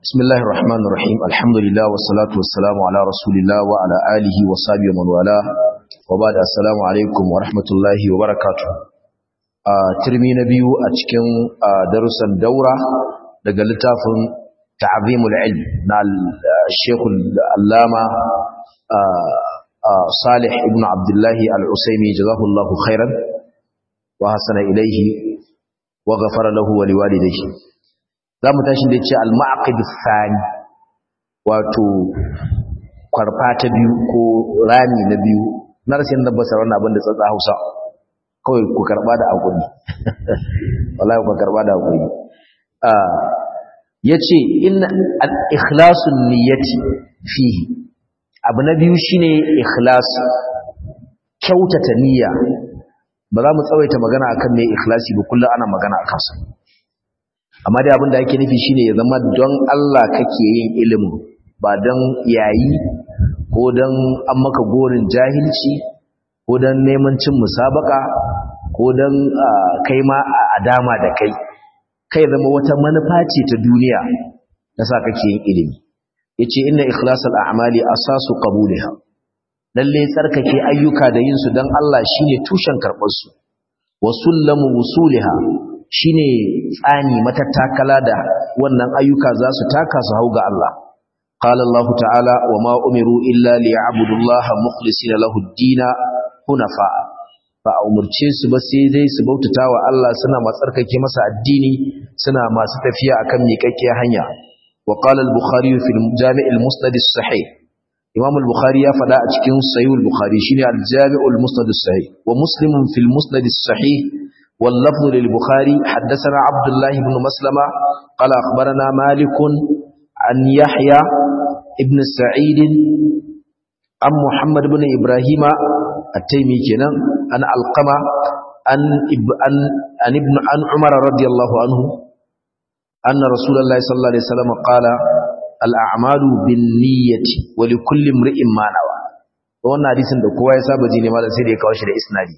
bismillahir rahmanir rahim alhamdulillah wassalatu wassalamu ala rasulillah wa ala alihi wa sahbihi man wa ba'da wa rahmatullahi wa a tirmi na biyu a cikin darusan daura daga littafin ta'zimul ilm na al-sheikh al salih ibnu abdullahi al-usaimi jazakallahu khairan wa hasana ilayhi wa ghafara lahu wa liwalidayhi za mu tashi da ya ce al-ma'aqidus sani wato kwarfa ta biyu ko rami na biyu na rasa yadda ba sauran abin da tsatsa Hausa kawai ku karba da hakuri wallahi ku karba da hakuri ah yace inna al-ikhlasun niyyati fihi abu na biyu shine ikhlas kyautata niyya ba za mu tsawaita magana akan me ikhlasi ba kullum ana magana akan sa amma dai abin da ake nufi shine ya zama don Allah kake yin ilimin ba don yayi ko don an maka gorin jahilci ko don neman cin musabaka ko don kai ma a dama da kai kai zama wata manufa ce ta duniya na sa kake yin ilimi yace inna ikhlasal a'mali asasu qabuliha lalle tsarkake ayyuka da yin su dan Allah shine tushen karbar su wa sullamu wusuliha shine tsani matattakala da wannan ayyuka za su taka su hau ga Allah qala Allah ta'ala wa ma umiru illa liya'budu Allah mukhlisina lahu ad-din hunafa ba umarce su ba sai dai su bautata wa Allah suna matsarkake masa addini suna masu tafiya akan miƙaƙƙiyar hanya wa qala al-bukhari fi al-jami' al imam al-bukhari ya faɗa a cikin Sayyid al-bukhari shine al al-musnad as-sahih wa musulmin fi al-musnad واللفظ للبخاري حدثنا عبد الله بن مسلمة قال أخبرنا مالك عن يحيى ابن سعيد عن محمد بن إبراهيم التيمي كنا عن القمة عن عن ابن عن عمر رضي الله عنه أن رسول الله صلى الله عليه وسلم قال الأعمال بالنية ولكل امرئ ما نوى wannan hadisin da kowa ya saba ji ne malam sai da ya kawo shi da isnadi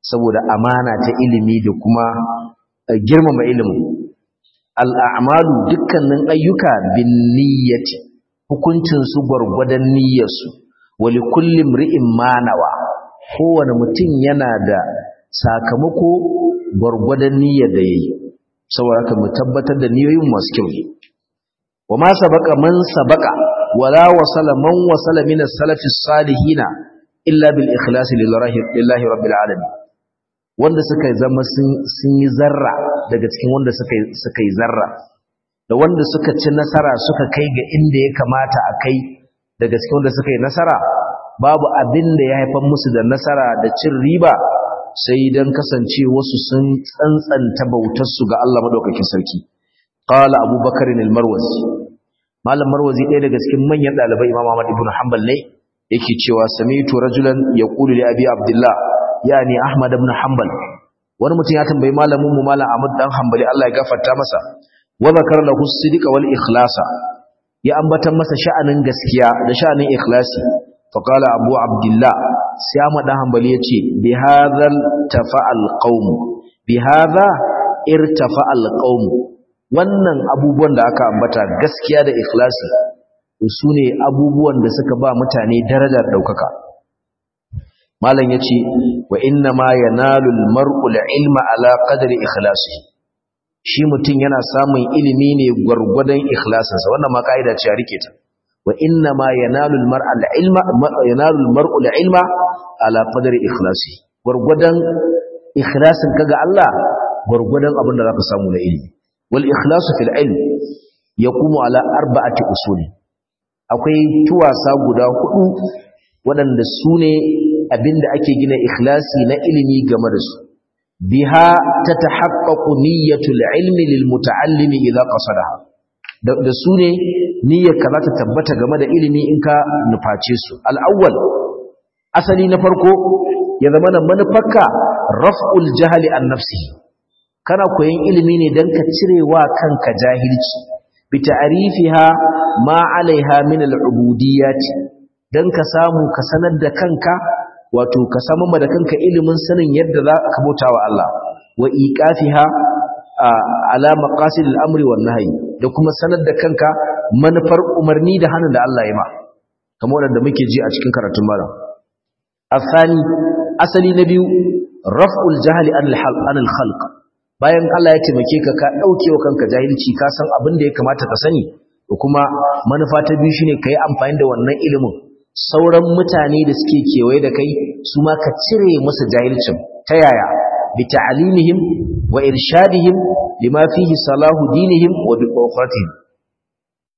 saboda amana ta ilimi da kuma eh, girmama ilimin al'amalu dukkanin ayyuka bin niyyati hukuncinsu gwargwadon niyyarsu wali kullum ri'in manawa kowane mutum yana da sakamako gwargwadon niyyar da ya yi saboda ka mu tabbatar da niyoyin masu kyau wa ma sabaka man sabaka wala wasala man wasala min salafis salihina illa bil ikhlasi lillahi rabbil alamin wanda suka zama sun yi zarra daga cikin wanda suka yi zarra da wanda suka ci nasara suka kai ga inda ya kamata a kai daga cikin wanda suka yi nasara babu abin da ya haifar musu da nasara da cin riba sai don kasance wasu sun tsantsanta bautarsu ga Allah maɗaukakin sarki qala abubakar al-marwazi malam marwazi ɗaya daga cikin manyan ɗalibai imam ahmad ibn hanbal ne yake cewa sami'tu ya yaqulu li abi abdullah yani Ahmad ibn Hanbal wani mutum ya tambayi malamin mu malam Ahmad dan Hanbali Allah ya gafarta masa wa zakar lahu sidqa wal ikhlasa ya ambatan masa sha'anin gaskiya da sha'anin ikhlasi fa qala Abu Abdullah sai Ahmad dan Hanbali yace bi hadhal tafa'al qaum bi hadha irtafa'al qaum wannan abubuwan da aka ambata gaskiya da ikhlasi su ne abubuwan da suka ba mutane darajar daukaka malam yace wa inna ma yanalu almar'u ilma ala qadri shi mutum yana samun ilimi ne gwargwadon ikhlasinsa wannan ma kaida ce a rike ta wa inna ma yanalu almar'a ilma yanalu ilma ala qadri ikhlasihi gwargwadon ikhlasin kaga Allah gwargwadon abin da zaka samu na ilimi wal ikhlasu fil ilm yaqumu ala arba'ati usuli akwai tuwasa guda hudu waɗanda su ne abinda ake gina ikhlasi na ilimi game da su biha ta tahaqqaqu niyyatul ilmi lil muta'allimi idza qasadaha da su ne niyyar ka za ta tabbata game da ilimi in ka nuface su al-awwal asali na farko ya zama na manufarka raf'ul jahali an nafsi kana koyon ilimi ne don ka cire wa kanka jahilci bi ta'rifiha ma alaiha min al dan ka samu ka sanar da kanka wato ka samun da kanka ilimin sanin yadda za ka bauta wa Allah wa iqafiha ala maqasid al-amri wan nahyi da kuma sanar da kanka manufar umarni da hanin da Allah ya ma kamar wanda muke ji a cikin karatun malam asani asali na biyu raf'ul jahli an al-khalq bayan Allah ya taimake ka ka dauke wa kanka jahilci ka san abin da ya kamata ka sani kuma manufa ta biyu shine kai amfani da wannan ilimin sauran mutane da suke kewaye da kai su ma ka cire musu jahilcin ta yaya bi ta'alimihim wa irshadihim lima fihi salahu dinihim wa bi qawqatihim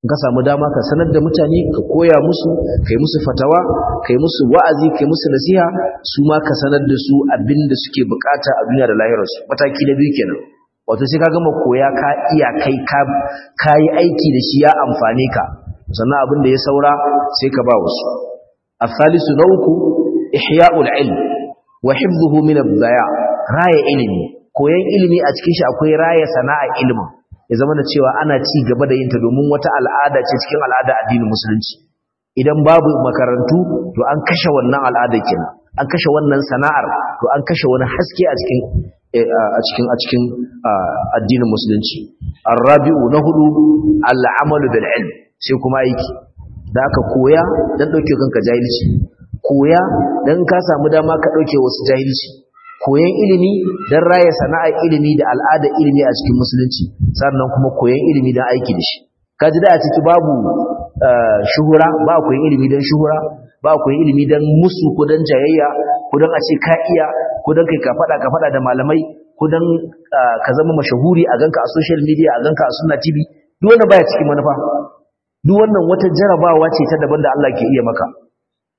ka samu dama ka sanar da mutane ka koya musu kai musu fatawa kai musu wa'azi kai musu nasiha su ma ka sanar da su abinda suke bukata a duniya da lahirarsu mataki na biyu kenan wato sai ka gama koya ka iya kai ka yi aiki da shi ya amfane ka sannan abin da ya saura sai ka ba wasu الثالث نوك إحياء العلم وحفظه من الضياع راية علمي koyan ilimi a cikin shi akwai raya sana'a ilimin ya zama da cewa ana ci gaba da yinta domin wata al'ada ce cikin al'ada addinin musulunci idan babu makarantu to an kashe wannan al'ada kenan an kashe wannan sana'ar to an kashe wani haske a cikin a cikin a cikin addinin musulunci arrabi'u na hudu al'amalu bil ilm sai kuma aiki da aka koya don ɗauke kanka jahilci koya don ka samu dama ka ɗauke wasu jahilci koyan ilimi don raya sana'ar ilimi da al'ada ilimi a cikin musulunci sannan kuma koyan ilimi don aiki da shi ka ji da a ciki babu eh, shuhura ba a koyan ilimi don shuhura ba a koyan ilimi don musu ko don jayayya ko don a ce ka iya ko don kai ka faɗa ka faɗa da malamai ko don eh, ka zama mashahuri a ganka a social media a ganka a sunna tv duk wanda baya cikin manufa duk wannan wata jarabawa ce ta daban da Allah ke iya maka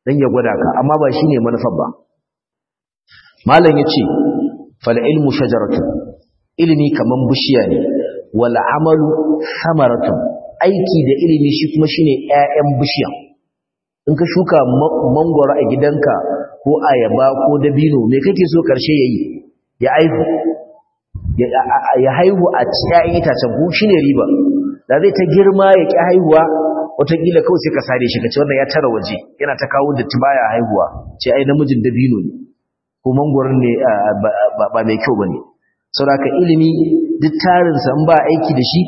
dan ya gwada ka amma ba shine manufar ba malam yace fal ilmu shajaratun ilimi kaman bishiya ne wal amalu samaratun aiki da ilimi shi kuma shine ƴaƴan bishiya in ka shuka mangoro a gidanka ko ayaba ko dabino me kake so karshe yayi ya aihu ya haihu a ƴaƴan itacen ko shine riba da zai ta girma ya ƙi haihuwa watakila kawai sai ka sare shi ka ce wannan ya tara waje yana ta kawo da baya haihuwa ce ai namijin dabino ne ko mangwaron ne ba mai kyau ba ne aka ilimi duk tarinsa in ba aiki da shi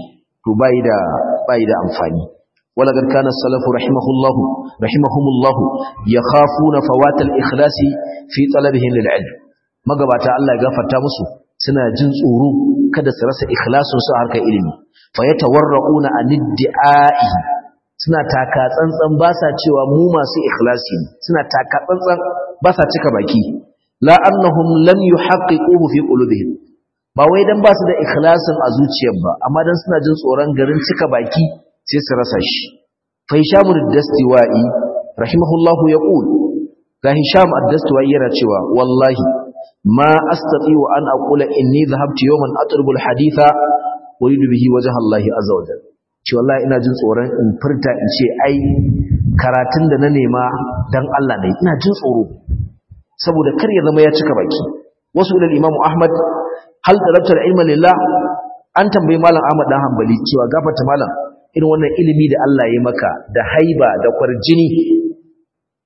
to ba da da amfani wala kad kana salafu rahimahullahu rahimahumullahu yakhafuna na fawatal ikhlas fi talabihim lil-ilm magabata Allah ya gafarta musu suna jin tsoro kada su rasa ikhlasun su harkar ilimi fa yatawarrauna an idda'i suna taka tsantsan ba sa cewa mu masu ikhlasi suna taka tsantsan ba sa cika baki la annahum lam yuhaqqiquhu fi qulubihim ba wai dan ba su da ikhlasin a zuciyar ba amma dan suna jin tsoron garin cika baki sai su rasa shi fa hisham ad-dastiwai rahimahullahu yaqul ga hisham ad-dastiwai yana cewa wallahi ma astati'u an aqula inni dhahabtu yawman atrubul al-haditha wani dubihi wajen Allah azza wa jalla ce wallahi ina jin tsoron in furta in ce ai karatun da na nema dan Allah ne ina jin tsoro saboda kar ya zama ya cika baki wasu ilal Imam ahmad hal talabtar ilma lillah an tambayi malam ahmad dan hanbali cewa gafarta malam irin wannan ilimi da Allah ya maka da haiba da kwarjini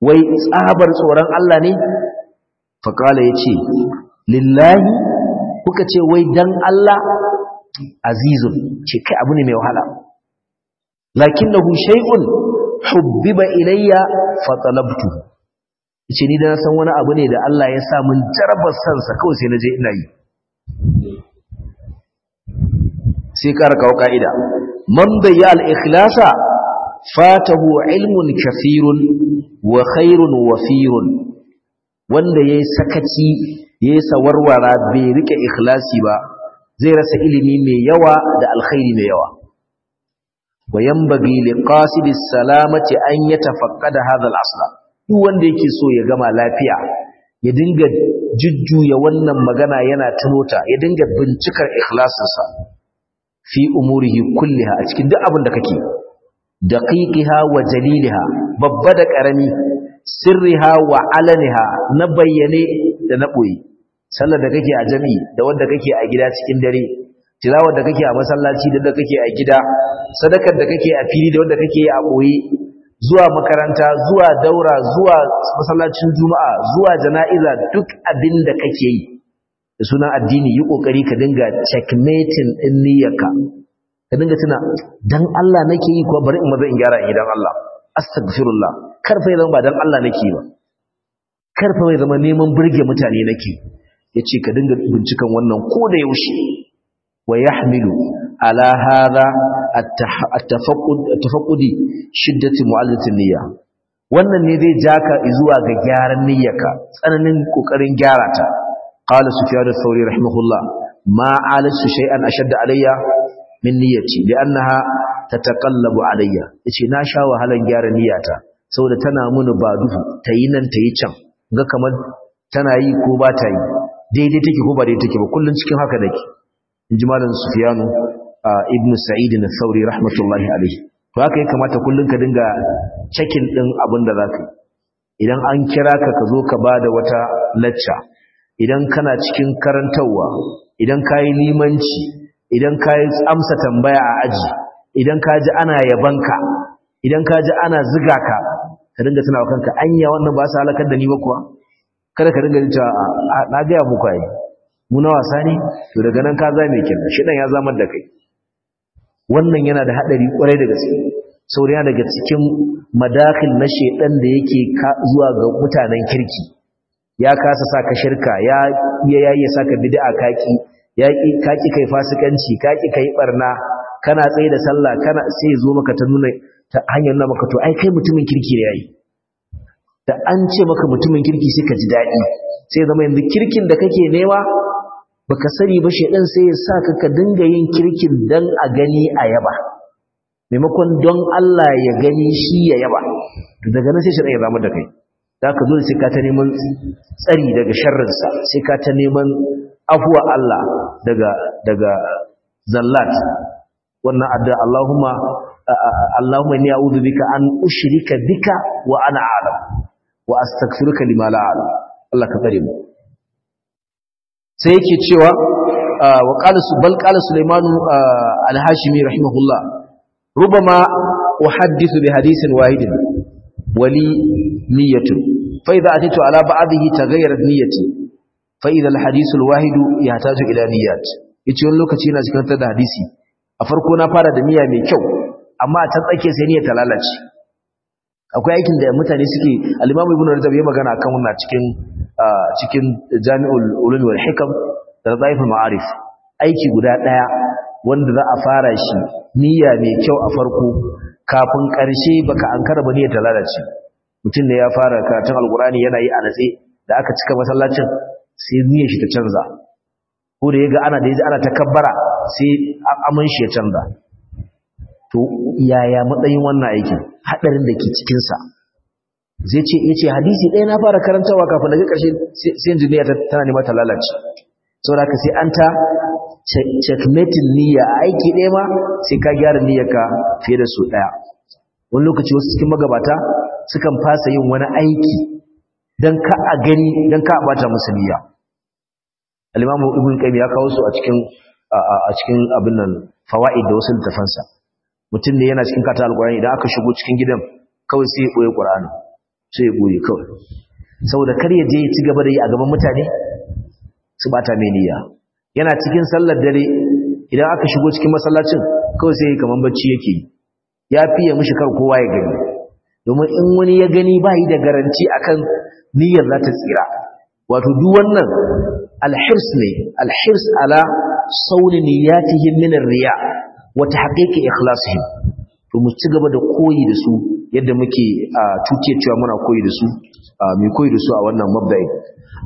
wai tsabar tsoron Allah ne ya yace lillahi kuka ce wai dan Allah azizun ce kai abu ne mai wahala lakinnahu hubbi hubbiba ilayya fa talabtu ce ni da san wani abu ne da Allah ya sa mun jarabar sansa kawai sai naje ina yi sai kar kawo kaida man bayya al ikhlasa fatahu ilmun kafirun wa khairun wafirun wanda yayi sakaci yayi sawarwara bai rike ikhlasi ba zai rasa ilimi mai yawa da alkhairi mai yawa wa yanbaghi liqasidi salamati an yatafaqqada hadha al-asla duk wanda yake so ya gama lafiya ya dinga jujjuya wannan magana yana tunota ya dinga bincikar ikhlasinsa fi umurihi kulliha a cikin duk abin da kake daqiqiha wa jaliliha babba da karami sirriha wa alaniha na bayyane da na boye sallar da kake a jam'i da wanda kake a gida cikin dare tilawar da kake a masallaci da da kake a gida sadakar da kake a fili da wanda kake a boye zuwa makaranta zuwa daura zuwa masallacin juma'a zuwa jana'iza duk abin da kake yi da sunan addini yi kokari ka dinga checkmating din niyyarka ka dinga tuna dan Allah nake yi ko bari in maza in gyara idan Allah astaghfirullah karfa zama ba dan Allah nake yi ba karfa zama neman burge mutane nake ya ce ka dinga bincikan wannan ko da yaushe wa ya hamilu ala hada a tafaƙudi shiddatin mu'allatin niyya wannan ne zai ja ka zuwa ga gyaran niyyarka tsananin ƙoƙarin gyara ta qala sufyan sauri, thawri rahimahullah ma alastu shay'an ashadda alayya min niyyati li'annaha tataqallabu alayya yace na sha wahalan gyara niyyata saboda tana muni ba duhu tayi nan tayi can ga kamar tana yi ko ba ta yi daidai take ko ba daidai take ba kullun cikin haka dake inji malam sufyanu ibnu sa'id na thauri rahmatullahi alayhi to haka ya kamata kullun ka dinga cekin din abin da zaka idan an kira ka ka zo ka bada wata lacca, idan kana cikin karantawa idan kai limanci idan kai amsa tambaya a aji idan ka ji ana yabanka idan ka ji ana ziga ka ka dinga tunawa kanka anya wannan ba su halakar da ni ba kuwa kada ka dinga cewa a na gaya muku ai mu na wasa ne to daga nan ka zame kenan shi dan ya zama da kai wannan yana da hadari kwarai da gaske sauriya daga cikin madakhil na shedan da yake zuwa ga mutanen kirki ya kasa saka shirka ya ya sa saka bid'a kaki ya ki kaki kai fasikanci kaki kai barna kana tsaye da sallah kana sai zo maka ta nuna hanyar nuna maka to ai kai mutumin kirki ne yayi da an ce maka mutumin kirki sai ka ji daɗi sai zama yanzu kirkin da kake nema baka sani ba shedan sai ya sa ka ka dinga yin kirkin dan a gani a yaba maimakon don Allah ya gani shi ya yaba to daga nan sai shedan ya zama da kai za ka zo sai ka ta neman tsari daga sharrinsa sai ka ta neman afuwa Allah daga daga zallat wannan adda Allahumma Allahumma inni a'udhu bika an ushrika bika wa ana a'lam wa astaghfiruka lima la Allah ka tsare mu sai yake cewa ah, wa qala bal qala Sulaiman ah, al-Hashimi rahimahullah rubama uhaddithu bi hadithin wahidin wali niyyatu fa idha atitu ala ba'dihi taghayyarat niyyati fa idha al-hadithu al-wahid yahtaju ila niyyat yace wani lokaci ina cikin da hadisi a farko na fara da niyya mai kyau amma a tsake sai niyya ta lalace akwai aikin da mutane suke alimamu imam Ibn Rajab ya magana akan wannan cikin cikin Jami'ul Ulum wal Hikam da Zaiful Ma'arif aiki guda daya wanda za a fara shi niyya mai kyau a farko kafin karshe baka an ba niyyar ta lalace mutum ne ya fara karatun alkurani yana yi a natse da aka cika masallacin sai niyyar shi ta canza ko da yaga ana da yaji ana takabbara sai aman shi ya canza to yaya matsayin wannan aikin hadarin da ke cikin sa zai ce yace eh, hadisi ɗaya na fara karantawa kafin daga ƙarshe sai injiniya tana nema mata lalace saboda ka sai an ta checkmating niyya aiki ɗaya ma sai ka gyara niyyarka fiye da su ɗaya wani lokaci wasu cikin magabata sukan fasa yin wani aiki don ka a gani dan ka a bata musu niyya alimamu ibn qayyim ya kawo su a cikin a cikin abin nan fawaid da wasu littafansa mutum ne yana cikin kata alkurani idan aka shigo cikin gidan kawai sai ya ɓoye ƙur'ani sai ya ɓoye kawai saboda kar ya je ya ci gaba da yi a gaban mutane su bata mai niyya yana cikin sallar dare idan aka shigo cikin masallacin kawai sai kaman bacci yake yi ya fiye mishi kar kowa ya gani domin in wani ya gani ba yi da garanti akan niyyar za ta tsira wato duk wannan alhirs ne alhirs ala sauni niyatihim min riya wata haƙiƙi ikhlasihim to mu ci gaba da koyi da su yadda muke tuke cewa muna koyi da su mai koyi da su a wannan mabda'i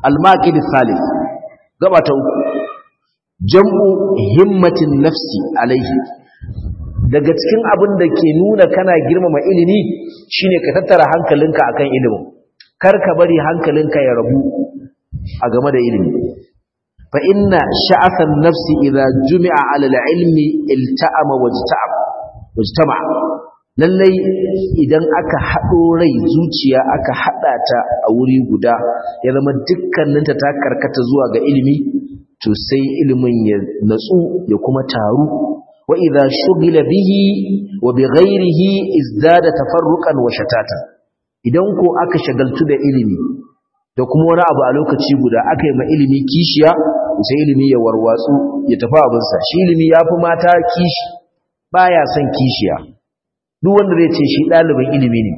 al-maqid thalith gaba ta uku jam'u himmatin nafsi alaihi daga cikin abin da ke nuna kana girmama ilimi shine ka tattara hankalinka akan ilimin kar ka bari hankalinka ya rabu a game da ilimi fa inna sha'afan nafsi idza jumi'a ala al-ilmi ilta'ama wajta'am lallai idan aka haɗo rai zuciya aka haɗa ta a wuri guda ya zama dukkaninta ta karkata zuwa ga ilimi to sai ilimin ya natsu ya kuma taru wa idza shugila bihi wa bi ghairihi izdada tafarruqan wa shatata idan ko aka shagaltu da ilimi da kuma wani abu a lokaci guda aka yi ma ilimi kishiya sai ilimi ya warwatsu ya tafi abinsa shi ilimi ya fi mata kishi ba ya son kishiya duk wanda zai ce shi ɗalibin ilimi ne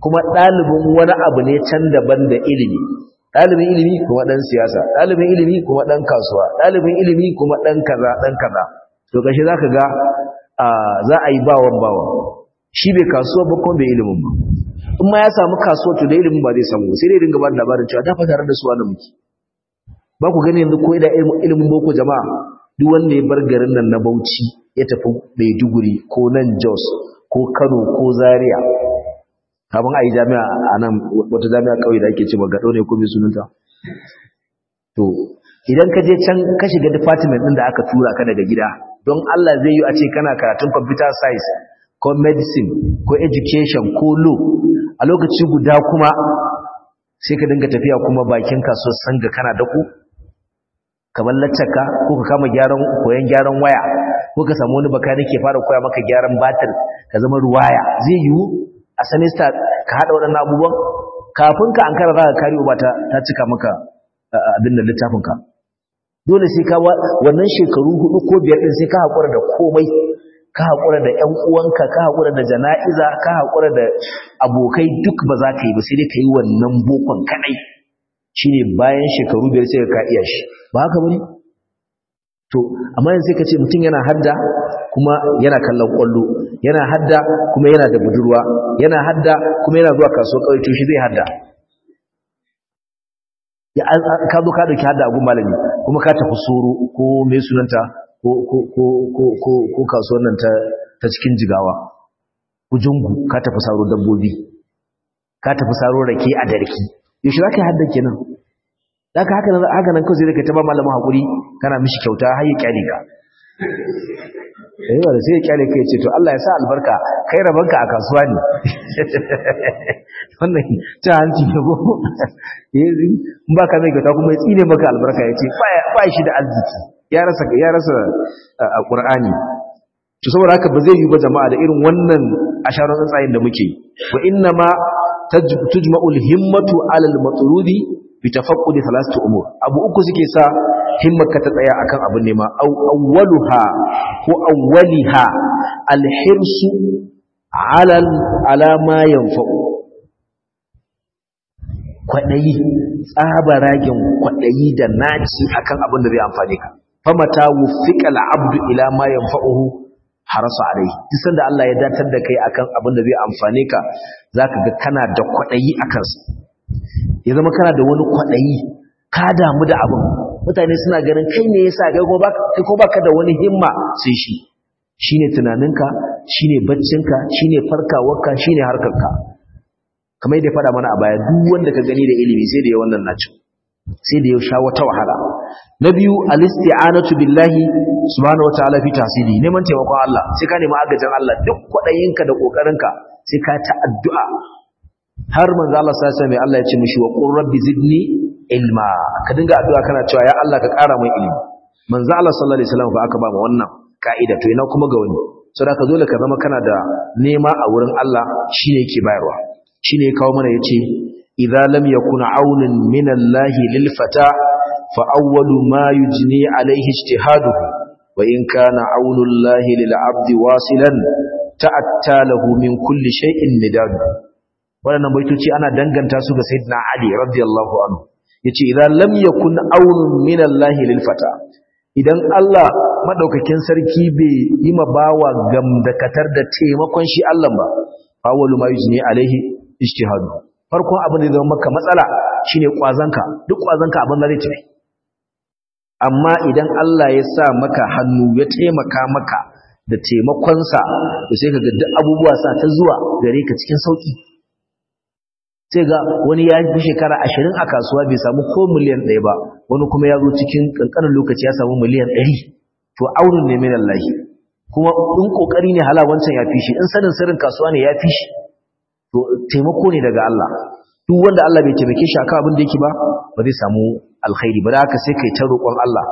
kuma ɗalibin wani abu ne can daban da ilimi ɗalibin ilimi kuma ɗan siyasa ɗalibin ilimi kuma ɗan kasuwa ɗalibin ilimi kuma ɗan kaza ɗan kaza to kashe za ka ga za a yi bawan bawan shi bai kasuwa ba kuma bai ilimin ba in ma ya samu kasuwa to da ilimin ba zai samu sai dai dinga ba labarin cewa da fa tare da su wannan muke ba ku gani yanzu ko da ilimin boko jama'a duk wanda ya bar garin nan na Bauchi ya tafi Maiduguri ko nan Jos ko Kano ko Zaria kafin a yi jami'a a nan wata jami'a kauye da ake cewa gado ne ko bai sunanta to idan ka je can ka shiga department din da aka tura ka daga gida don Allah zai yi a ce kana karatun computer science ko medicine ko education ko law a lokaci guda kuma sai ka dinga tafiya kuma bakin san ga kana dako kamar laccaka ko ka kama gyaran koyon gyaran waya ko ka samu wani baka ke fara koya maka gyaran batir ka zama ruwaya zai yiwu a sanista ka haɗa waɗannan abubuwan kafin ka ankara za ka kari uba ta ta cika maka abin da littafin ka. dole sai ka wannan shekaru hudu ko biyar din sai ka hakura da komai ka haƙura da ‘yan uwanka ka haƙura da jana'iza ka haƙura da abokai duk ba za ka yi ba sai dai ka yi wannan bokon kaɗai shi ne bayan shekaru biyar sai ka iya shi ba haka ba ne to amma yanzu sai ka ce mutum yana hadda kuma yana kallon ƙwallo yana hadda kuma yana da budurwa yana hadda kuma yana zuwa kasuwar ƙauye to shi zai hadda ka zo ka ɗauki hadda a gun malami kuma ka tafi soro ko mai sunanta ko kasuwar nan ta cikin jigawa kujungu ka tafi saro dabbobi ka tafi saro rake a darki yaushe za ka yi ke nan za ka haka haka nan kawai zai ka taba malamin hakuri kana mishi kyauta har yi kyale ka yawa eh, da sai ya kyale ka ya ce to Allah ya sa albarka kai rabanka a kasuwa ne wannan ta hanci ne ko eh, in ba ka mai kyauta kuma ya tsine maka albarka ya ce ba shi da arziki ya rasa ya rasa alqur'ani to saboda haka ba zai yi ba jama'a da irin wannan asharar tsayin da muke wa inna ma tujma'ul himmatu alal matrudi bi tafaqqudi thalathati umur abu uku suke sa ka ta tsaya akan abin nema aw awwaluha ko awwaliha alhirsu alal ala ma yanfa'u kwadayi tsabaragen kwadayi da naci akan abin da zai amfane ka famata wufiqa abdu ila ma yanfa'uhu harasa alai duk sanda Allah ya datar da kai akan abin da zai amfane ka zaka ga kana da kwadayi akan sa ya zama kana da wani kwadayi ka damu da abin mutane suna ganin kai ne yasa kai kai ko baka da wani himma sai shi shine tunaninka shine baccinka shine farkawarka shine harkarka kamar yadda faɗa mana a baya duk wanda ka gani da ilimi sai da ya wannan nacin sai da ya sha wata wahala na biyu alisti'anatu billahi subhanahu wataala fi tahsili neman taimakon Allah sai ka nemi agajin Allah duk kwadayinka da kokarinka sai ka ta addu'a har manzo Allah sallallahu alaihi Allah ya ce mishi wa qur rabbi zidni ilma ka dinga addu'a kana cewa ya Allah ka ƙara min ilimi manzo Allah sallallahu alaihi wasallam ba aka ba mu wannan ka'ida to ina kuma ga wani saboda ka dole ka zama kana da nema a wurin Allah shine yake bayarwa shine ya kawo mana yace idza lam yakuna aunan min Allah lil fata فأول ما يجني عليه اجتهاده وإن كان عون الله للعبد واصلا ta'atta lahu min kulli shay'in midad wannan baitoci ana danganta su ga sayyidina ali radiyallahu anhu yace idan lam yakun aunun min allah idan allah madaukakin sarki bai yi ma bawa gamdakatar da taimakon shi allah ba awwalu ma yujni alaihi ijtihadu farkon abin da zama maka matsala shine kwazanka duk kwazanka abin da zai tafi amma idan Allah ya sa maka hannu ya taimaka maka da taimakonsa to sai ka ga abubuwa sa ta zuwa gare ka cikin sauki sai ga wani ya yi shekara ashirin a kasuwa bai samu ko miliyan ɗaya ba wani kuma ya zo cikin ƙanƙanin lokaci ya samu miliyan ɗari to aurin ne min Allah kuma in ƙoƙari ne hala wancan ya fi shi in sanin sirrin kasuwa ne ya fi shi to taimako ne daga Allah duk wanda Allah bai taimake shi akan abin da yake ba ba zai samu alkhairi ba da haka sai kai ta roƙon Allah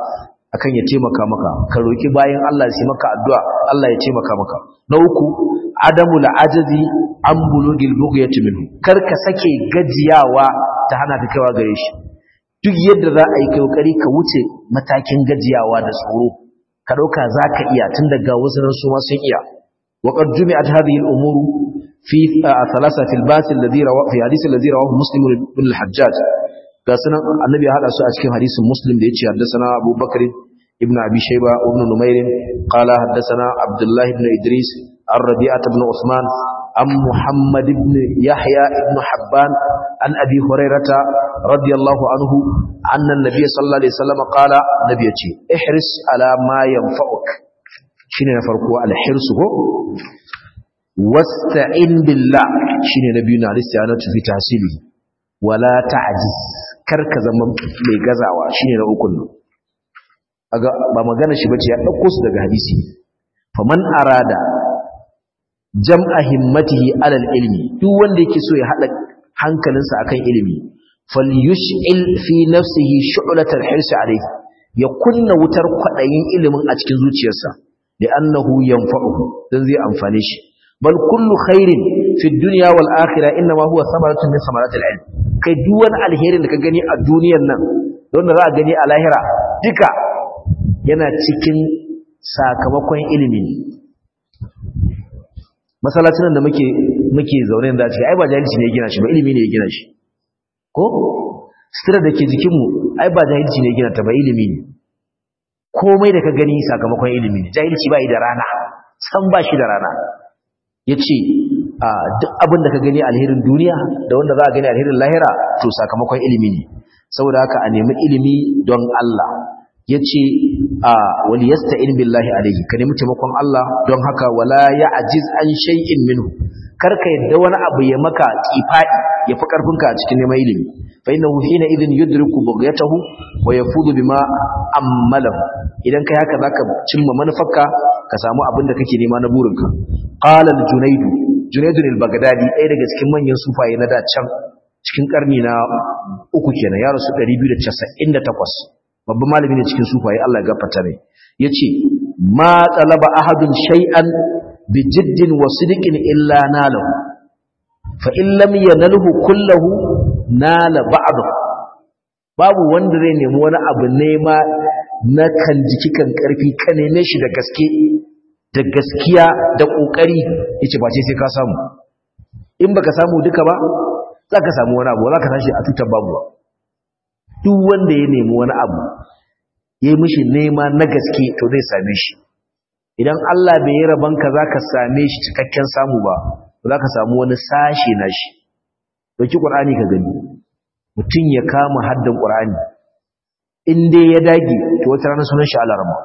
akan ya taimaka maka ka roki bayan Allah ya maka addu'a Allah ya taimaka maka na uku adamul ajazi an bulugil bughyati minhu kar ka sake gajiyawa ta hana ka kaiwa gare shi duk yadda za a yi kokari ka wuce matakin gajiyawa da tsoro ka dauka zaka iya tun daga wasu nan su ma sun iya wa qad jumi'at hadhihi al-umuru fi thalathati al-bas alladhi rawahu fi hadith alladhi rawahu muslim ibn al-hajjaj ga sunan annabi ya hada su a cikin hadisin muslim da yace haddasana abu bakr ibn abi shayba ibn numair qala haddasana abdullah ibn idris ar-rabi'ah ibn usman an muhammad ibn yahya ibn habban an abi hurairata radiyallahu anhu anna an-nabiy sallallahu alaihi wasallam qala nabi yace ihris ala ma yanfa'uk shine na farko al-hirsu ko wasta'in billah shine na biyu na al-isti'anatu fi tahsili wala ta'jiz kar ka zama mai gazawa shine na ukun aga ba magana shi bace ya dauko su daga hadisi faman arada jam'a himmatihi alal ilmi duk wanda yake so ya hada hankalinsa akan ilimi falyush'il fi nafsihi shu'latal hirsi alayhi ya kunna wutar kwadayin ilimin a cikin zuciyarsa li'annahu yanfa'uhu dan zai amfane shi bal kullu khairin fi dunya wal akhirah inma huwa thamaratun min thamaratil ilm kai duk wani alherin da ka gani a duniyar nan don da za a gani a lahira duka yana cikin sakamakon ilimi masallacin nan da muke muke zaune da ciki ai ba jahilci ne ya gina shi ba ilimi ne ya gina shi ko sitira da ke jikinmu ai ba jahilci ne ya gina ta ba ilimi ne komai da ka gani sakamakon ilimi ne jahilci ba yi da rana san ba shi da rana ya ce duk abin da ka gani alherin duniya da wanda za a gani alherin lahira to sakamakon ilimi ne saboda haka a nemi ilimi don Allah ya ce a wani yasta ilmin lahi alaihi ka nemi taimakon Allah don haka wala ya ajiz an shay'in minhu kar ka yadda wani abu ya maka kifa'i ya fi karfinka a cikin neman ilimi fa innahu hina idin ya tahu wa yafudu bima ammalahu idan kai haka zaka cimma manufarka ka samu abin da kake nema na burinka qala al-junaydu junaidun al-baghdadi ɗaya daga cikin manyan sufaye na da can cikin karni na uku kenan ya rasu 298 babban malami ne cikin sufaye Allah ya gafarta mai yace ma talaba ahadun shay'an bi jiddin wa sidqin illa nalahu fa in lam yanalhu kullahu nala ba'd babu wanda zai nemi wani abu nema na kan jiki kan karfi ka neme shi da gaske da gaskiya da ƙoƙari yace ba ce sai ka samu in baka samu duka ba za ka samu wani abu za ka tashi a tutar babu duk wanda ya nemi wani abu ya yi mishi nema na gaske to zai same shi idan Allah bai yi rabanka za ka same shi cikakken samu ba za ka samu wani sashe na shi ɗauki ƙur'ani ka gani mutum ya kama haddin ƙur'ani in dai ya dage to wata ranar sunan shi alarma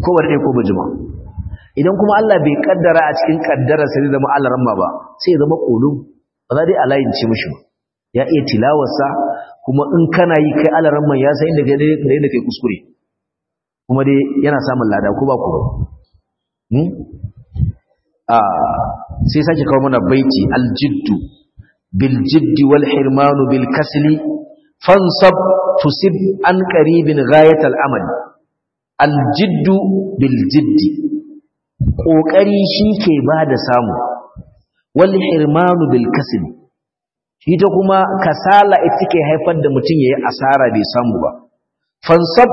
ko ba ko ba idan kuma Allah bai kaddara a cikin kaddarar sai zama Allah ba sai ya zama kolum ba za dai alayin ce mishi ba ya iya tilawarsa kuma in kana yi kai Allah ramma ya san inda kai da kai kuskure kuma dai yana samun lada ko ba ku ba hmm a sai sake kawo mana baiti aljiddu bil jiddi wal hirmanu bil kasli fansab tusib an qaribin ghayatal amal jiddu bil jiddi ƙoƙari shi ke ba da samu wal hirmanu bil kasb ita kuma kasala ita ke haifar da mutum ya yi asara bai samu ba fansab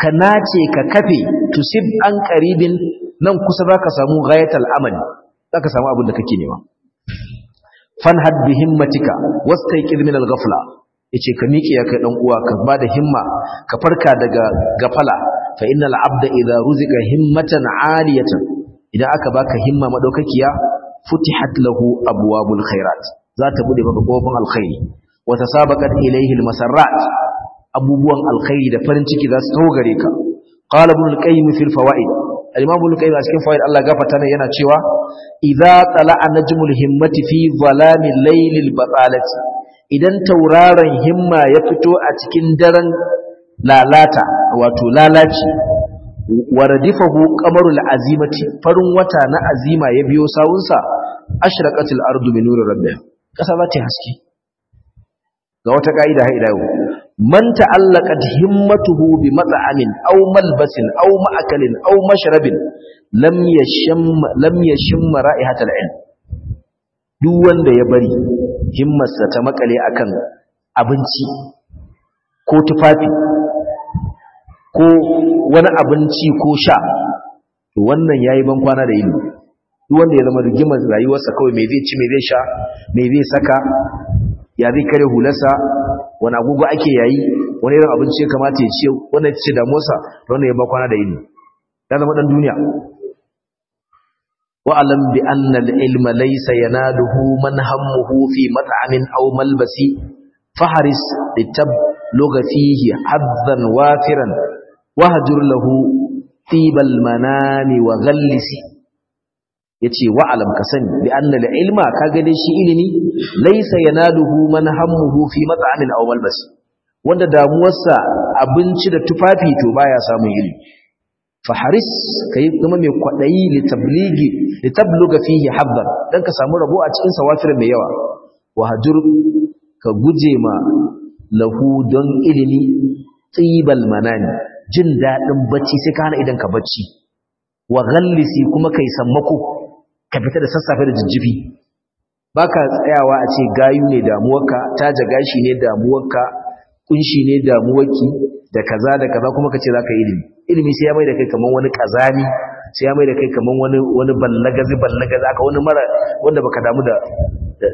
ka nace ka kafe tusib an qaribin nan kusa zaka samu ghayatal amal zaka samu abin da kake nema Fan bi himmatika wastaqid min al ghafla yace ka miƙe ya kai dan uwa ka bada himma ka farka daga gafala fa innal abda idza ruzika himmatan aliyatan idan aka baka himma madaukakiya futihat lahu abwabul khairat za ta bude maka kofin alkhairi wa tasabaqat ilayhi almasarrat abubuwan alkhairi da farin ciki za su gare ka qala ibn al-qayyim fi al al-imam ibn al a cikin fawaid Allah gafarta ne yana cewa idza tala'a najmul himmati fi zalamil laylil batalati idan tauraron himma ya fito a cikin daren lalata wato lalaci waradifahu qamarul azimati farin wata na azima ya biyo sawunsa ashraqatil ardu bi nuri rabbih kasa za ta haske ga wata kaida ha idawo man ta'allaqat himmatuhu bi mat'amin aw malbasin aw ma'akalin aw mashrabin lam yashim lam yashim ra'ihatal ilm duk wanda ya bari himmarsa ta makale akan abinci ko tufafi ko wani abinci ko sha to wannan yayi ban kwana da ilimi duk wanda ya zama rigimar rayuwarsa kawai me zai ci me zai sha me zai saka ya zai kare hularsa wani agogo ake yayi wani irin abinci ya kamata ya ci wannan ce da mosa to wannan ya ban kwana da ilimi ya zama dan duniya wa'alam bi annal ilma laysa yanaluhu man hammuhu fi mat'amin aw malbasi faharis litab lugatihi haddan wafiran wahajur lahu tibal manami wa ghallisi yace wa alam ka sani bi anna al ilma ka gade shi ilimi laysa yanaluhu man hammuhu fi mat'amin aw malbas wanda damuwarsa abinci da tufafi to baya samun ilimi faharis kai kuma mai kwadayi li tabligi li tabluga fihi habban dan ka samu rabo a cikin sawafir mai yawa wahajur ka guje ma lahu don ilimi tibal manani. jin daɗin bacci sai ka hana idan ka bacci wa ghallisi kuma kai sammako ka fita da sassafe da jijjifi baka tsayawa a ce gayu ne damuwarka taja gashi ne damuwarka kunshi ne damuwarki da kaza da kaza kuma ka ce zaka ilimi ilimi sai ya mai da kai kaman wani kazani sai ya mai da kai kaman wani wani ballagazi ballagazi aka wani mara wanda baka damu da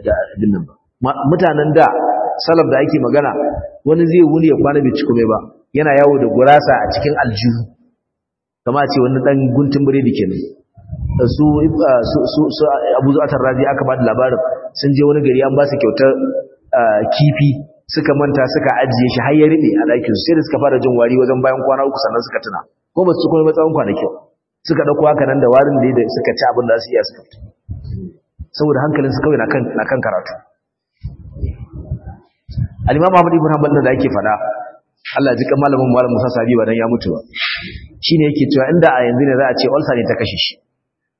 da abin nan ba mutanen da salaf da ake magana wani zai wuni ya kwana bai ci komai ba yana yawo da gurasa a cikin aljihu kama ce wani dan guntun biredi kenan su uh, su su Abu Zu'atar Razi aka ba da labarin sun je wani gari an ba su kyautar uh, kifi suka manta suka ajiye shi har ya rube a ɗakin su sai da suka fara jin wari wajen bayan kwana uku sannan suka tuna ko ba su kuma matsayin kwanakin suka dauko haka nan da warin da suka ci abin da su iya suka saboda hankalin su kawai na kan karatu al-imam Ahmad ibn Hanbal da yake fada Allah ji kan malamin malam Musa Sabi ba dan ya mutu ba Shi shine yake cewa inda a yanzu ne za a ce ulsa ne ta kashe shi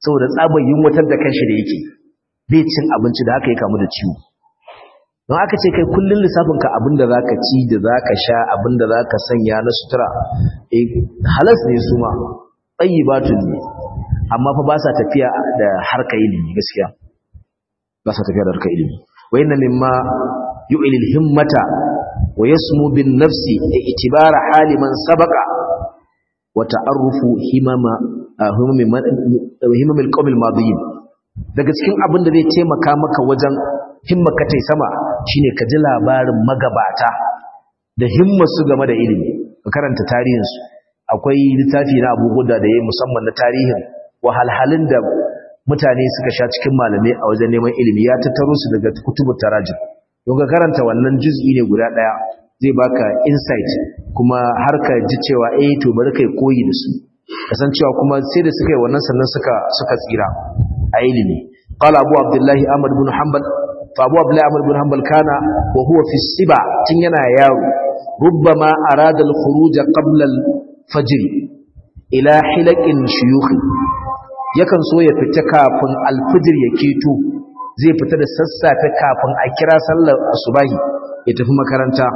saboda tsabar yunwatar da kanshi da yake bai cin abinci da haka ya kamu da ciwo don aka ce kai kullun lissafin ka abinda zaka ci da zaka sha abinda zaka sanya na sutura eh halas ne su ma tayyibatu ne amma fa ba sa tafiya da harkar ilimi gaskiya ba sa tafiya da harkar ilimi wa inna mimma yu'ilil himmata ويسمو بالنفس اعتبار nafsi من سبق وتعرف sabaka همم ta'arrufu himama himamil qawmil daga cikin abin da zai taimaka maka wajen himmaka tai sama shine ka ji labarin magabata da himmarsu game da ilimi ka karanta tarihinsu akwai littafi na Abu guda da yayi musamman na tarihin wahalhalin da mutane suka sha cikin malamai a wajen neman ilimi ya tattaro su daga kutubu tarajim don ka karanta wannan juz'i ne guda ɗaya zai baka insight kuma har ka ji cewa eh to bari kai koyi da su cewa kuma sai da suka yi wannan sannan suka suka tsira a ilimi qala abu abdullahi ahmad ibn hanbal fa abu abdullahi ahmad ibn hanbal kana wa huwa fi siba tun yana yaro rubbama arada al khuruj qabla al fajr ila hilaqin shuyukh yakan so ya fita kafin al fajr ya keto zai fita da sassafe kafin a kira sallar asubahi ya tafi makaranta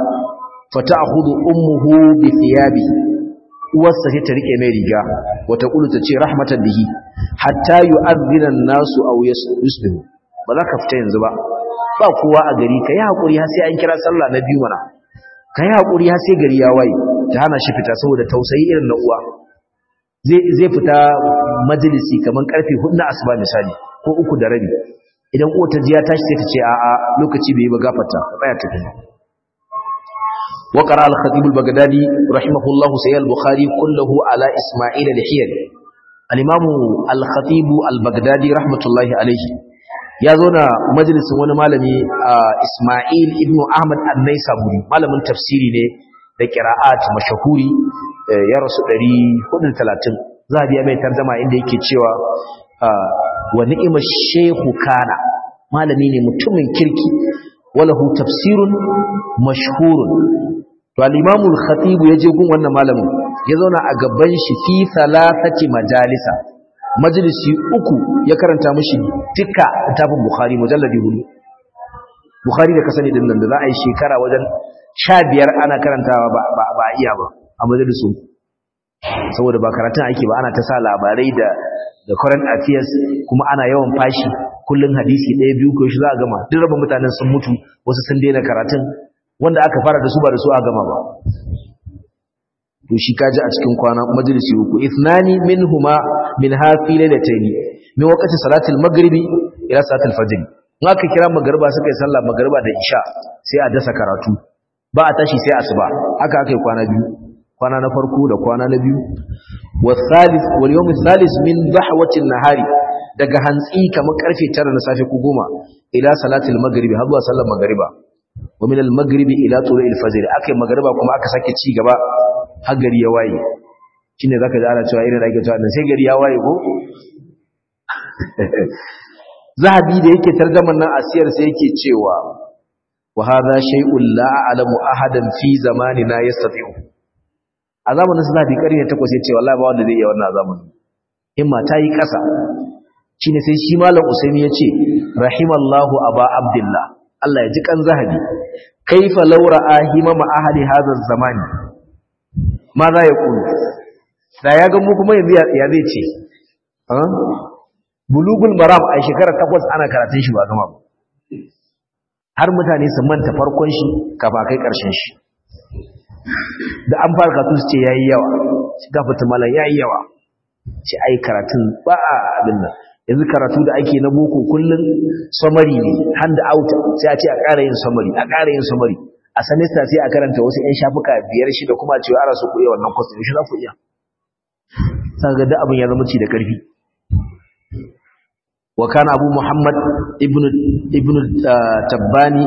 fata ahudu ummuhu bi thiyabi uwarsa sai ta rike mai riga wata kulu ta ce rahmatan bihi hatta yu'adhdhina an-nasu aw yusbihu ba za ka fita yanzu ba ba kowa a gari ka yi hakuri har sai an kira sallah na biyu mana ka yi hakuri har sai gari ya waye ta hana shi fita saboda tausayi irin na uwa zai fita majalisi kamar karfe 4 na asuba misali ko uku da rabi idan uwa ta ji ya tashi sai ta ce a'a lokaci bai yi ba gafarta tsaya ta gani wa qara al-khatib al-baghdadi rahimahullahu sayyid al-bukhari kulluhu ala isma'il al-hiyali al-imam al-khatib al-baghdadi rahmatullahi alayhi ya zo na majalisin wani malami isma'il ibn ahmad an-naisaburi malamin tafsiri ne da qira'at mashahuri eh, ya rasu 430 zahabi ya mai tarjama inda yake cewa wa ni'imar shehu kana malami ne mutumin kirki walahu tafsirun mashhurun to al-imamu al-khatib yaje gun wannan malamin ya zauna a gaban shi fi salasati majalisa majalisi uku ya karanta mishi duka littafin bukhari mujalladi hudu bukhari da kasani din nan da za a yi shekara wajen biyar ana karantawa ba a iya ba a majalisin saboda ba karatun ake ba ana ta sa labarai da da current affairs kuma ana yawan fashi kullun hadisi ɗaya biyu ko shi za a gama duk rabin mutanen sun mutu wasu sun daina karatun wanda aka fara da su ba da su a gama ba to shi ji a cikin kwana majalisi uku ithnani huma min hafi lailatayn min waqti salatil maghribi ila salatil fajr in aka kira magriba suka yi sallah magariba da isha sai a dasa karatu ba a tashi sai asuba haka aka yi kwana biyu kwana na farko da kwana na biyu wasalis wal yawm salis min dahwati nahari daga hantsi kamar karfe 9 na safe ko 10 ila salatil maghribi har zuwa sallar maghriba wa min al maghribi ila tulu al fajr akai maghriba kuma aka sake ci gaba har gari ya waye shine zaka ji ana cewa irin da ake cewa sai gari ya waye ko zahabi da yake tarjaman nan asiyar sai yake cewa wa hadha shay'un la a'lamu ahadan fi zamanina yastati'u a zamanin suna bi ƙarni takwas ya ce wallahi ba wanda zai iya wannan zamanin himma ta yi ƙasa ne sai shi malam usaimi ya ce rahimallahu aba abdullah Allah ya ji kan zahabi kaifa a hima himama hali hazar zamani ma za ya kuru da ya ga mu kuma yanzu ya zai ce bulugul maram a shekara takwas ana karatun shi ba gama har mutane su manta farkon shi kafa kai karshen shi da an fara karatu su ce yayi yawa shi gafata malam yi yawa shi ai karatun ba abin nan yanzu karatu da ake na boko kullum summary ne hand out sai a ce a ƙara yin summary a ƙara yin summary a semester sai a karanta wasu ƴan shafuka biyar shi da kuma cewa ara su ku wannan course ne shi za ku iya san ga da abin ya zama ci da ƙarfi wa kana abu muhammad ibnu ibnu ah, tabbani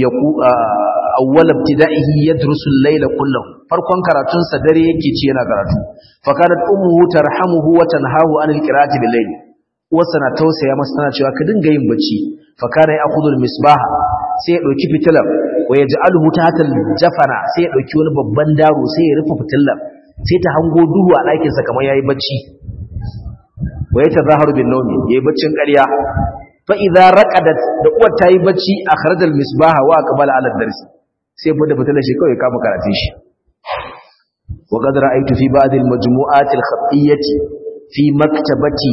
yaqu ah, awwal ibtida'ihi yadrusu al-layla kullahu farkon karatun sa dare yake ci yana karatu fa kanat ummuhu tarhamuhu wa tanhahu an al-qira'ati bil-layl uwarsa na tausaya masa tana cewa ka dinga yin bacci fa kana ya'khudhu al-misbaha sai ya dauki fitilar wa yaj'aluhu tahta al-jafana sai ya ɗauki wani babban daro sai ya rufe fitilar sai ta hango duhu a ɗakinsa sa kamar yayi bacci wa yatazaharu bin-nawmi yayi baccin ƙarya fa idza da uwar tayi bacci a akhrajal misbaha wa aqbala ala ad-dars sai fada da shi kawai kama karatun shi wa qad ra'aytu fi ba'd al-majmu'at al-khafiyyah fi maktabati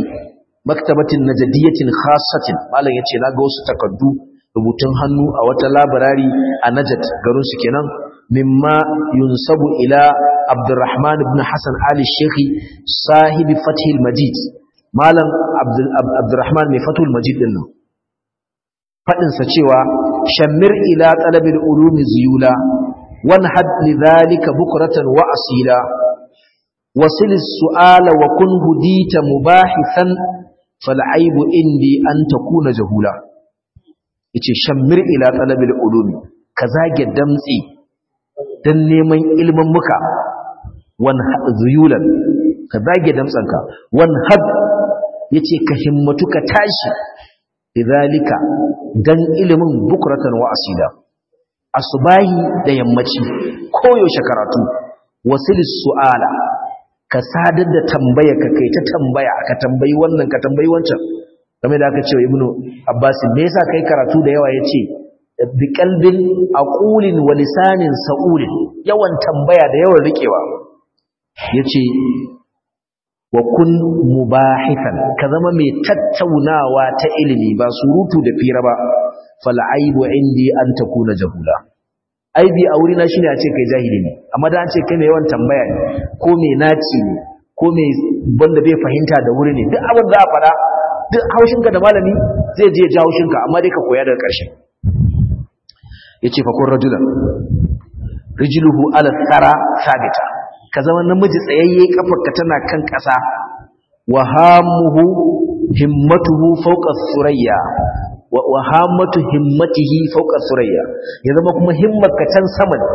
maktabatin najadiyatin khassatin malam yace na ga wasu takaddu rubutun hannu a wata labarari a Najat garin su kenan mimma yunsabu ila Abdurrahman ibn Hassan Ali Sheikhi sahibi Fathul Majid malam Abdurrahman mai Fathul Majid din nan faɗinsa cewa shammir ila talabil ulumi ziyula wan had lidhalika bukratan wa asila wasil su'ala wa kun hudita mu ba shi san fal'aibu indi an takuna jahula yace shammir ila talabil ulumi ka zage damtsi don neman ilimin muka wani haɗi zuyulan ka zage damtsanka wan had yace ka himmatu ka tashi lidhalika don ilimin bukuratan wa asubahi da yammaci koyaushe karatu wasu su'ala ka sadar da tambaya ka kai ta tambaya ka tambayi wannan ka tambayi wancan game da aka ce wa ibnu abbas me yasa kai karatu da yawa yace bi qalbin aqulin wa lisanin sa'ulin yawan tambaya da yawan rikewa yace wa kun mubahisan ka zama mai tattaunawa ta ilimi ba surutu da fira ba fal'aibu indi an takuna jahula aibi a wurina shine a ce kai jahili ne amma da an ce kai mai yawan tambaya ne ko mai naci ne ko mai banda bai fahimta da wuri ne duk abin da za a faɗa duk haushinka da malami zai je ja haushinka amma dai ka koya daga ƙarshe yace fa kun rajulan rijluhu ala tsara sabita ka zama namiji tsayayye kafarka tana kan ƙasa wa hamuhu himmatuhu fawqa surayya wa hamatu himmatihi fawqa surayya ya zama kuma himmarka can sama ne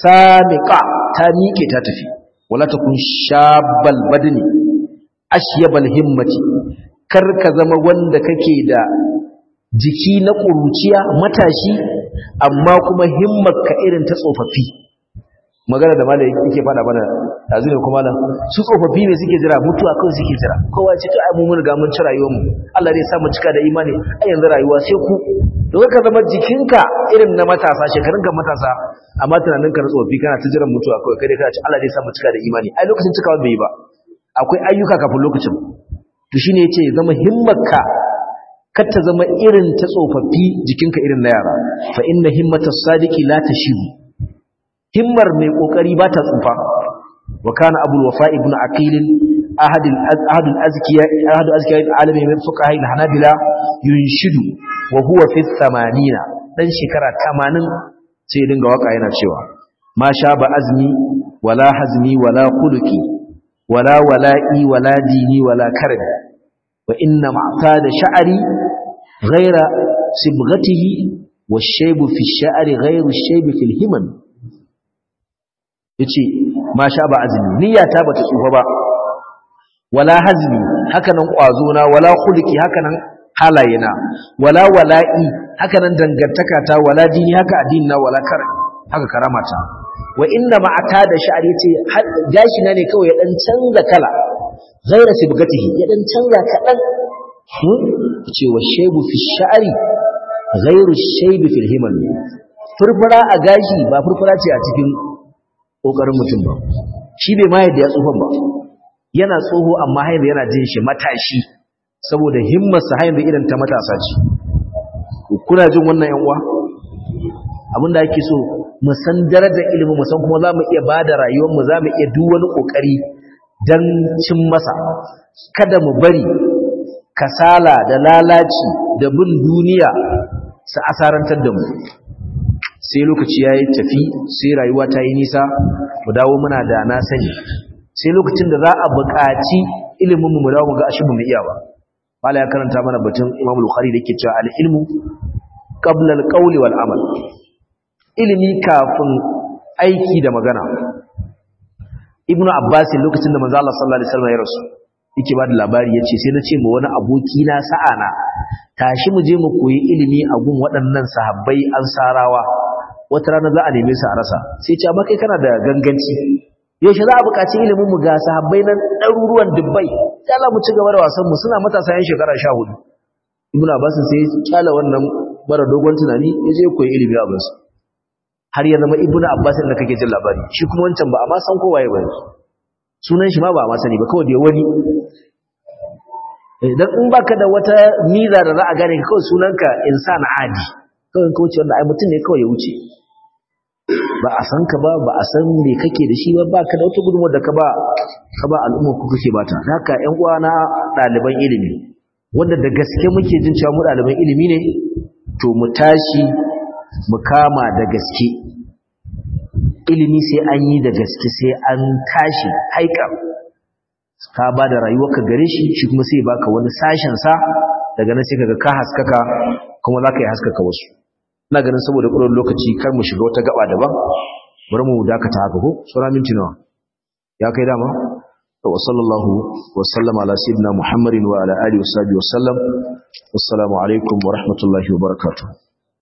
samiqa ta miƙe ta tafi wala takun shabbal badni ashyabal himmati kar ka zama wanda kake da jiki na ƙuruciya matashi amma kuma himmarka irin ta tsofaffi magana da malai yake faɗa mana dazu ne kuma su tsofaffi ne suke jira mutuwa kawai suke jira kowa ce to ai mu mun mun ci rayuwar mu Allah zai sa mu cika da imani a yanzu rayuwa sai ku to ka zama jikinka irin na matasa shekarun ka matasa amma tunanin ka na tsofaffi kana ta jiran mutuwa kawai kai ka kana ce Allah zai sa mu cika da imani ai lokacin cikawa bai yi ba akwai ayyuka kafin lokacin to shine yace zama himmarka kar ta zama irin ta tsofaffi jikinka irin na yara fa inna himmatas sadiqi la tashibu himmar mai kokari ba ta tsufa wa kana abul wafa ibn aqil ahad al azkiya ahad azkiya alimi min fuqaha al hanabila yunshidu wa huwa fi 80 dan shekara 80 sai dinga waka yana cewa ma sha ba azmi wala hazmi wala khuluqi wala wala'i wala dini wala karb wa inna ma'tada sha'ri ghayra sibghatihi wash-shaybu fi ash-sha'ri ghayru ash yace ma sha ba azmi niyyata bata tsufa ba wala hazmi hakanan na, wala khuluqi hakanan na, wala wala'i hakanan dangantaka ta wala dini haka addini na wala kar haka ta wa inna ma ata da sha'ari yace gashi na ne kawai ya dan canza kala ghaira sibgatihi ya dan canza kadan hmm? yace wa shaybu fi sha'ri ghairu shaybi fil himal furfura a gashi ba furfura ce a cikin ƙoƙarin mutum ba shi bai ma yadda ya tsufa ba yana tsoho amma hayan yana jin shi matashi saboda himmarsa hayan irin ta matasa ce kuna jin wannan yan uwa abinda ake so mu san darajar ilimi mu san kuma zamu iya bada rayuwar mu zamu iya duk wani kokari dan cin masa kada mu bari kasala da lalaci da bin duniya su asarantar da mu sai lokaci ya yi tafi sai rayuwa ta yi nisa mu dawo muna da na sani sai lokacin da za a buƙaci ilimin mu dawo ga ashe mu iya ba mala ya karanta mana batun Imam Bukhari da ke cewa al-ilmu qabla al qawli wal amal ilimi kafin aiki da magana Ibnu Abbas lokacin da manzo Allah sallallahu alaihi wasallam ya rasu yake bada da labari yace sai na ce ma wani aboki na sa'ana tashi mu je mu koyi ilimi a gun waɗannan sahabbai ansarawa wata rana za a neme su a rasa sai ce amma kai kana da ganganci yaushe za a buƙaci ilimin mu ga sahabbai nan ɗaruruwan dubbai kyala mu ci gaba da wasan mu suna matasa yan shekara sha hudu ibnu abbas sai kyala wannan bara dogon tunani ya je koyi ilimi a bansa har ya zama ibnu abbas da kake jin labari shi kuma wancan ba amma san kowaye ba sunan shi ma ba amma sani ba kawai da wani idan eh, in baka da wata miza da za a gane kawai sunanka insan adi kawai kawai wanda ai mutum ne kawai ya wuce ba a san ka ba ba a san me kake da shi ba ba ka da wata gudumar da ka ba ka ba al'umma ku kake ba ta haka ƴan uwana ɗaliban ilimi wanda da gaske muke jin cewa mu ɗaliban ilimi ne to mu tashi mu kama da gaske ilimi sai an yi da gaske sai an tashi haika ka ba da ka gare shi shi kuma sai baka wani sashen sa daga nan sai kaga ka haskaka kuma zaka yi haskaka wasu na ganin saboda ƙwarar lokaci kar mu shiga wata gaba daban bari mu dakata haka ko sura minti nawa ya kai dama wa sallallahu wa sallama ala sayyidina muhammadin wa ala alihi wa sahbihi wa sallam assalamu alaikum wa rahmatullahi wa barakatuh